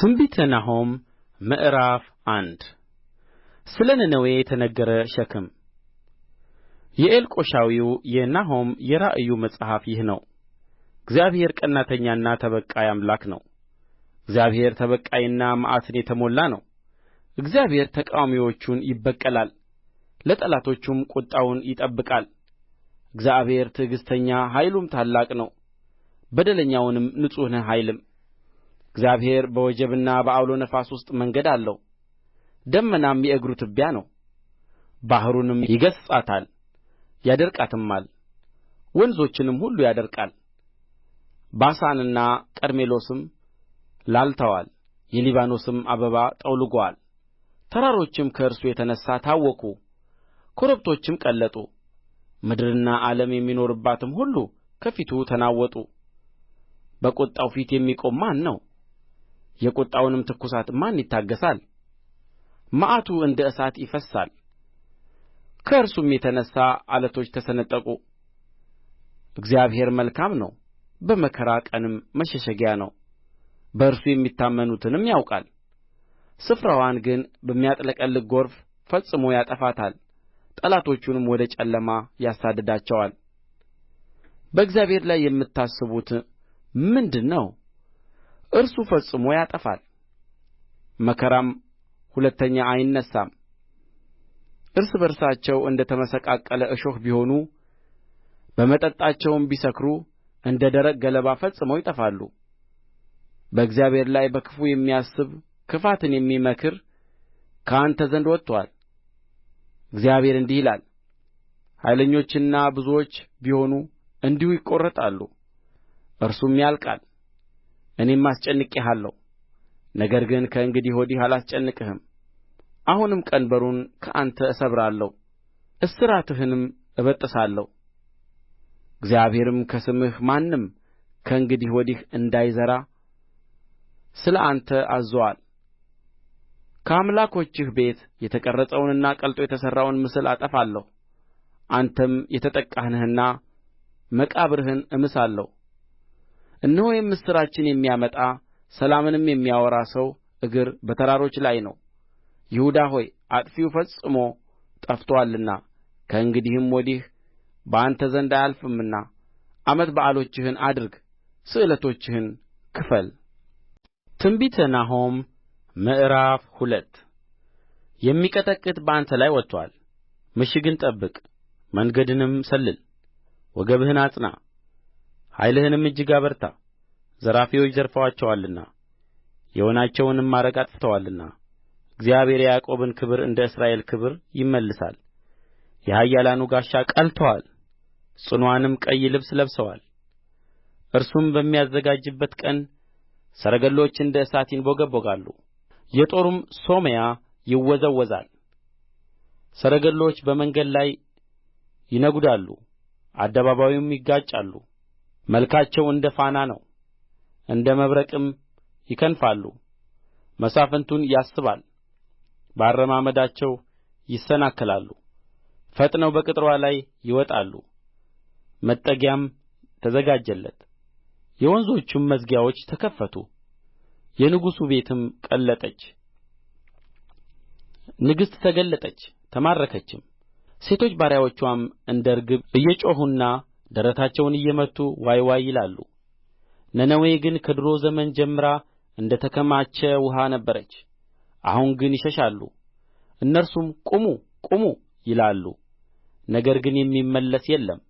ትንቢተ ናሆም ምዕራፍ አንድ ስለ ነነዌ የተነገረ ሸክም። የኤልቆሻዊው የናሆም የራእዩ መጽሐፍ ይህ ነው። እግዚአብሔር ቀናተኛና ተበቃይ አምላክ ነው። እግዚአብሔር ተበቃይና መዓትን የተሞላ ነው። እግዚአብሔር ተቃዋሚዎቹን ይበቀላል፣ ለጠላቶቹም ቍጣውን ይጠብቃል። እግዚአብሔር ትዕግሥተኛ ኃይሉም ታላቅ ነው፣ በደለኛውንም ንጹሕ ነህ አይልም። እግዚአብሔር በወጀብና በዐውሎ ነፋስ ውስጥ መንገድ አለው ደመናም የእግሩ ትቢያ ነው ባሕሩንም ይገሥጻታል ያደርቃትማል ወንዞችንም ሁሉ ያደርቃል ባሳንና ቀርሜሎስም ላልተዋል የሊባኖስም አበባ ጠውልጎአል ተራሮችም ከእርሱ የተነሣ ታወኩ ኮረብቶችም ቀለጡ ምድርና ዓለም የሚኖርባትም ሁሉ ከፊቱ ተናወጡ በቍጣው ፊት የሚቆም ማን ነው የቍጣውንም ትኵሳት ማን ይታገሣል መዓቱ እንደ እሳት ይፈስሳል ከእርሱም የተነሣ ዓለቶች ተሰነጠቁ እግዚአብሔር መልካም ነው በመከራ ቀንም መሸሸጊያ ነው በእርሱ የሚታመኑትንም ያውቃል ስፍራዋን ግን በሚያጥለቀልቅ ጎርፍ ፈጽሞ ያጠፋታል ጠላቶቹንም ወደ ጨለማ ያሳድዳቸዋል በእግዚአብሔር ላይ የምታስቡት ምንድር ነው እርሱ ፈጽሞ ያጠፋል መከራም ሁለተኛ አይነሣም እርስ በርሳቸው እንደ ተመሰቃቀለ እሾህ ቢሆኑ በመጠጣቸውም ቢሰክሩ እንደ ደረቅ ገለባ ፈጽመው ይጠፋሉ። በእግዚአብሔር ላይ በክፉ የሚያስብ ክፋትን የሚመክር ከአንተ ዘንድ ወጥቶአል። እግዚአብሔር እንዲህ ይላል፣ ኃይለኞችና ብዙዎች ቢሆኑ እንዲሁ ይቈረጣሉ፣ እርሱም ያልቃል። እኔም አስጨንቄሃለሁ ነገር ግን ከእንግዲህ ወዲህ አላስጨንቅህም አሁንም ቀንበሩን ከአንተ እሰብራለሁ እስራትህንም እበጥሳለሁ እግዚአብሔርም ከስምህ ማንም ከእንግዲህ ወዲህ እንዳይዘራ ስለ አንተ አዝዞአል ከአምላኮችህ ቤት የተቀረጸውንና ቀልጦ የተሠራውን ምስል አጠፋለሁ አንተም የተጠቃህ ነህና መቃብርህን እምሳለሁ እነሆ የምስራችን የሚያመጣ ሰላምንም የሚያወራ ሰው እግር በተራሮች ላይ ነው ይሁዳ ሆይ አጥፊው ፈጽሞ ጠፍቶአልና ከእንግዲህም ወዲህ በአንተ ዘንድ አያልፍምና ዓመት በዓሎችህን አድርግ ስእለቶችህን ክፈል ትንቢተ ናሆም ምዕራፍ ሁለት የሚቀጠቅጥ በአንተ ላይ ወጥቶአል ምሽግን ጠብቅ መንገድንም ሰልል ወገብህን አጽና ኃይልህንም እጅግ አበርታ ዘራፊዎች ዘርፈዋቸዋልና የወይናቸውንም ማረግ አጥፍተዋልና እግዚአብሔር የያዕቆብን ክብር እንደ እስራኤል ክብር ይመልሳል የኃያላኑ ጋሻ ቀልቶአል ጽኑዓንም ቀይ ልብስ ለብሰዋል እርሱም በሚያዘጋጅበት ቀን ሰረገሎች እንደ እሳት ይንቦገቦጋሉ የጦሩም ሶመያ ይወዛወዛል ሰረገሎች በመንገድ ላይ ይነጕዳሉ አደባባዩም ይጋጫሉ መልካቸው እንደ ፋና ነው እንደ መብረቅም ይከንፋሉ መሳፍንቱን ያስባል በአረማመዳቸው ይሰናከላሉ ፈጥነው በቅጥርዋ ላይ ይወጣሉ መጠጊያም ተዘጋጀለት የወንዞቹም መዝጊያዎች ተከፈቱ የንጉሡ ቤትም ቀለጠች ንግሥት ተገለጠች ተማረከችም ሴቶች ባሪያዎችዋም እንደ ርግብ እየጮኹና ደረታቸውን እየመቱ ዋይ ዋይ ይላሉ ነነዌ ግን ከዱሮ ዘመን ጀምራ እንደ ተከማቸ ውኃ ነበረች አሁን ግን ይሸሻሉ እነርሱም ቁሙ ቁሙ ይላሉ ነገር ግን የሚመለስ የለም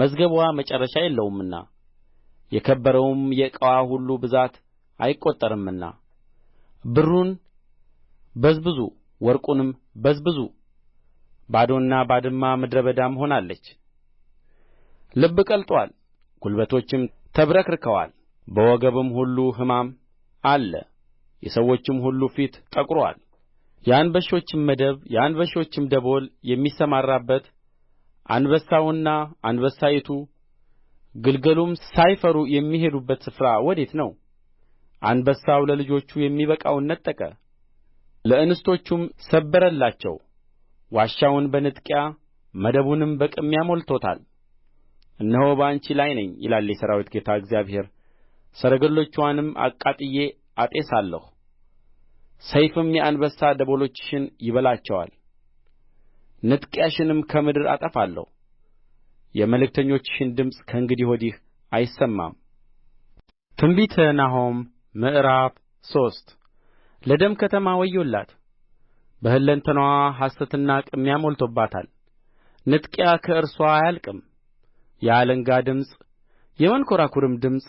መዝገብዋ መጨረሻ የለውምና የከበረውም የዕቃዋ ሁሉ ብዛት አይቈጠርምና ብሩን በዝብዙ ወርቁንም በዝብዙ ባዶና ባድማ ምድረ በዳም ሆናለች ልብ ቀልጦአል ጕልበቶችም ተብረክርከዋል በወገብም ሁሉ ሕማም አለ የሰዎችም ሁሉ ፊት ጠቍሮአል የአንበሾችም መደብ የአንበሾችም ደቦል የሚሰማራበት አንበሳውና አንበሳይቱ ግልገሉም ሳይፈሩ የሚሄዱበት ስፍራ ወዴት ነው አንበሳው ለልጆቹ የሚበቃውን ነጠቀ ለእንስቶቹም ሰበረላቸው ዋሻውን በንጥቂያ መደቡንም በቅሚያ ሞልቶታል እነሆ በአንቺ ላይ ነኝ ይላል የሠራዊት ጌታ እግዚአብሔር ሰረገሎችዋንም አቃጥዬ አጤሳለሁ ሰይፍም የአንበሳ ደቦሎችሽን ይበላቸዋል ንጥቂያሽንም ከምድር አጠፋለሁ የመልእክተኞችሽን ድምፅ ከእንግዲህ ወዲህ አይሰማም ትንቢተ ናሆም ምዕራፍ ሶስት ለደም ከተማ ወዮላት በሁለንተናዋ ሐሰትና ቅሚያ ሞልቶባታል ንጥቂያ ከእርሷ አያልቅም የአለንጋ ድምፅ የመንኰራኵርም ድምፅ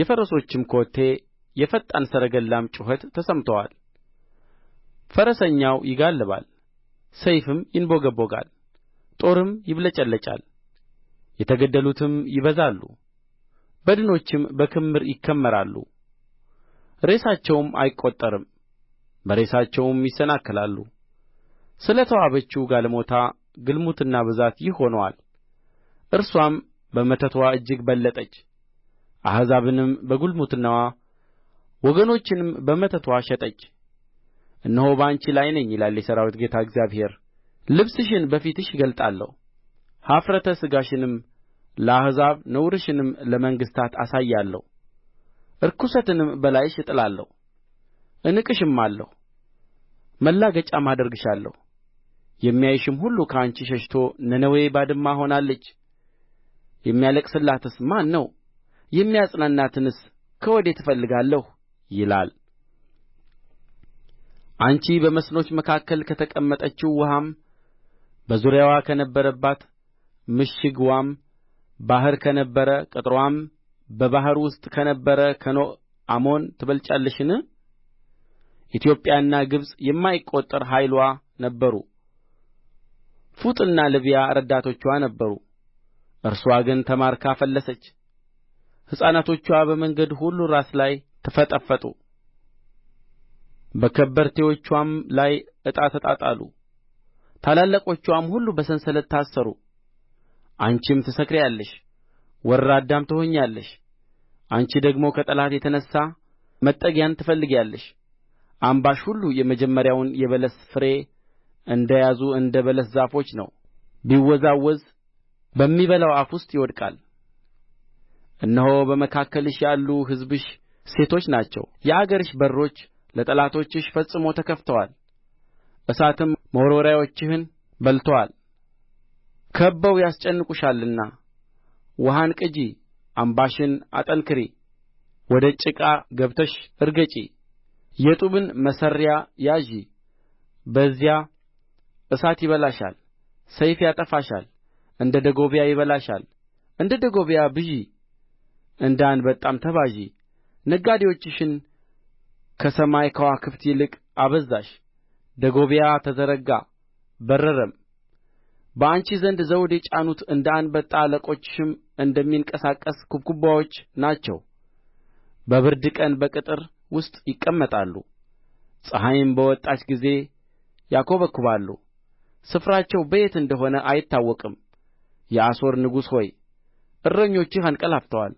የፈረሶችም ኮቴ የፈጣን ሰረገላም ጩኸት ተሰምቶአል ፈረሰኛው ይጋልባል ሰይፍም ይንቦገቦጋል ጦርም ይብለጨለጫል የተገደሉትም ይበዛሉ በድኖችም በክምር ይከመራሉ ሬሳቸውም አይቈጠርም በሬሳቸውም ይሰናከላሉ ስለ ተዋበችው ጋለሞታ ግልሙትና ብዛት ይህ ሆኖአል እርስዋም በመተትዋ እጅግ በለጠች አሕዛብንም በግልሙትናዋ ወገኖችንም በመተትዋ ሸጠች እነሆ በአንቺ ላይ ነኝ ይላል የሠራዊት ጌታ እግዚአብሔር ልብስሽን በፊትሽ እገልጣለሁ ኀፍረተ ሥጋሽንም ለአሕዛብ ነውርሽንም ለመንግሥታት አሳያለሁ ርኵሰትንም በላይሽ እጥላለሁ እንቅሽማለሁ ማላገጫም አደርግሻለሁ የሚያይሽም ሁሉ ከአንቺ ሸሽቶ ነነዌ ባድማ ሆናለች የሚያለቅስላትስ ማን ነው የሚያጽናናትንስ ከወዴት እፈልጋለሁ ይላል አንቺ በመስኖች መካከል ከተቀመጠችው ውኃም በዙሪያዋ ከነበረባት ምሽግዋም ባሕር ከነበረ ቅጥርዋም በባሕር ውስጥ ከነበረ ከኖእ አሞን ትበልጫለሽን? ኢትዮጵያና ግብጽ የማይቈጠር ኃይልዋ ነበሩ፣ ፉጥና ልብያ ረዳቶችዋ ነበሩ። እርስዋ ግን ተማርካ ፈለሰች ሕፃናቶችዋ በመንገድ ሁሉ ራስ ላይ ተፈጠፈጡ በከበርቴዎችዋም ላይ ዕጣ ተጣጣሉ ታላላቆችዋም ሁሉ በሰንሰለት ታሰሩ አንቺም ትሰክሪአለሽ ወራዳም ትሆኛለሽ አንቺ ደግሞ ከጠላት የተነሣ መጠጊያን ትፈልጊአለሽ አምባሽ ሁሉ የመጀመሪያውን የበለስ ፍሬ እንደ ያዙ እንደ በለስ ዛፎች ነው ቢወዛወዝ በሚበላው አፍ ውስጥ ይወድቃል እነሆ በመካከልሽ ያሉ ሕዝብሽ ሴቶች ናቸው የአገርሽ በሮች ለጠላቶችሽ ፈጽሞ ተከፍተዋል እሳትም መወርወሪያዎችህን በልቶአል ከብበው ያስጨንቁሻልና ውኃን ቅጂ አምባሽን አጠንክሪ ወደ ጭቃ ገብተሽ እርገጪ የጡብን መሠሪያ ያዢ በዚያ እሳት ይበላሻል ሰይፍ ያጠፋሻል እንደ ደጎብያ ይበላሻል እንደ ደጎብያ ብዢ እንደ አንበጣም ተባዢ ነጋዴዎችሽን ከሰማይ ከዋክብት ይልቅ አበዛሽ ደጎብያ ተዘረጋ በረረም በአንቺ ዘንድ ዘውድ የጫኑት እንደ አንበጣ አለቆችሽም እንደሚንቀሳቀሱ ኩብኩባዎች ናቸው በብርድ ቀን በቅጥር ውስጥ ይቀመጣሉ ፀሐይም በወጣች ጊዜ ያኰበኵባሉ ስፍራቸው በየት እንደሆነ አይታወቅም የአሦር ንጉሥ ሆይ እረኞችህ አንቀላፍተዋል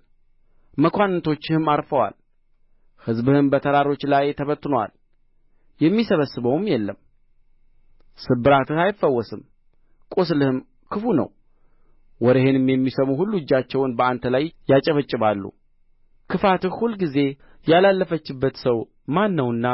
መኳንንቶችህም ዐርፈዋል ሕዝብህም በተራሮች ላይ ተበትኖአል የሚሰበስበውም የለም ስብራትህ አይፈወስም ቍስልህም ክፉ ነው ወሬህንም የሚሰሙ ሁሉ እጃቸውን በአንተ ላይ ያጨበጭባሉ ክፋትህ ሁልጊዜ ያላለፈችበት ሰው ማን ነውና